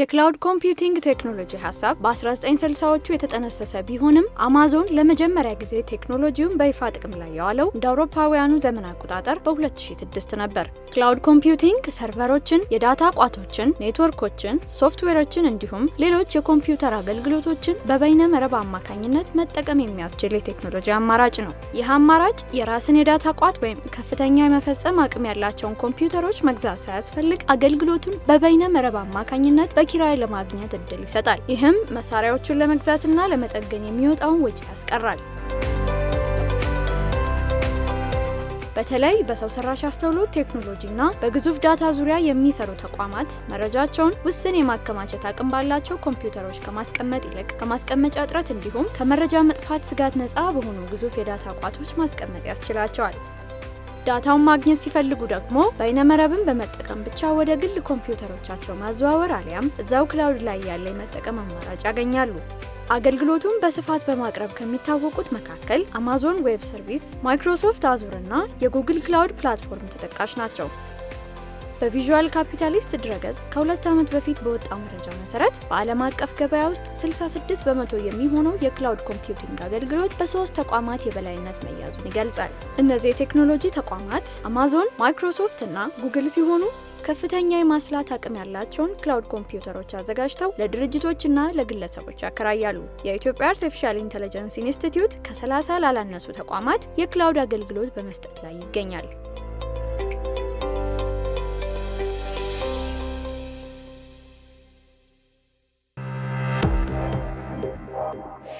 የክላውድ ኮምፒውቲንግ ቴክኖሎጂ ሀሳብ በ1960ዎቹ የተጠነሰሰ ቢሆንም አማዞን ለመጀመሪያ ጊዜ ቴክኖሎጂውን በይፋ ጥቅም ላይ የዋለው እንደ አውሮፓውያኑ ዘመን አቆጣጠር በ2006 ነበር። ክላውድ ኮምፒውቲንግ ሰርቨሮችን፣ የዳታ ቋቶችን፣ ኔትወርኮችን፣ ሶፍትዌሮችን እንዲሁም ሌሎች የኮምፒውተር አገልግሎቶችን በበይነ መረብ አማካኝነት መጠቀም የሚያስችል የቴክኖሎጂ አማራጭ ነው። ይህ አማራጭ የራስን የዳታ ቋት ወይም ከፍተኛ የመፈጸም አቅም ያላቸውን ኮምፒውተሮች መግዛት ሳያስፈልግ አገልግሎቱን በበይነ መረብ አማካኝነት በኪራይ ለማግኘት እድል ይሰጣል። ይህም መሳሪያዎቹን ለመግዛትና ለመጠገን የሚወጣውን ወጪ ያስቀራል። በተለይ በሰው ሰራሽ አስተውሎት ቴክኖሎጂና በግዙፍ ዳታ ዙሪያ የሚሰሩ ተቋማት መረጃቸውን ውስን የማከማቸት አቅም ባላቸው ኮምፒውተሮች ከማስቀመጥ ይልቅ ከማስቀመጫ እጥረት እንዲሁም ከመረጃ መጥፋት ስጋት ነፃ በሆኑ ግዙፍ የዳታ ቋቶች ማስቀመጥ ያስችላቸዋል። ዳታውን ማግኘት ሲፈልጉ ደግሞ በይነመረብን በመጠቀም ብቻ ወደ ግል ኮምፒውተሮቻቸው ማዘዋወር አሊያም እዛው ክላውድ ላይ ያለ የመጠቀም አማራጭ ያገኛሉ። አገልግሎቱን በስፋት በማቅረብ ከሚታወቁት መካከል አማዞን ዌብ ሰርቪስ፣ ማይክሮሶፍት አዙር እና የጉግል ክላውድ ፕላትፎርም ተጠቃሽ ናቸው። በቪዥዋል ካፒታሊስት ድረገጽ ከሁለት ዓመት በፊት በወጣው መረጃ መሰረት በዓለም አቀፍ ገበያ ውስጥ 66 በመቶ የሚሆነው የክላውድ ኮምፒውቲንግ አገልግሎት በሶስት ተቋማት የበላይነት መያዙን ይገልጻል። እነዚህ የቴክኖሎጂ ተቋማት አማዞን፣ ማይክሮሶፍት እና ጉግል ሲሆኑ ከፍተኛ የማስላት አቅም ያላቸውን ክላውድ ኮምፒውተሮች አዘጋጅተው ለድርጅቶችና ለግለሰቦች ያከራያሉ። የኢትዮጵያ አርቲፊሻል ኢንተለጀንስ ኢንስቲትዩት ከ30 ላላነሱ ተቋማት የክላውድ አገልግሎት በመስጠት ላይ ይገኛል። Thank you.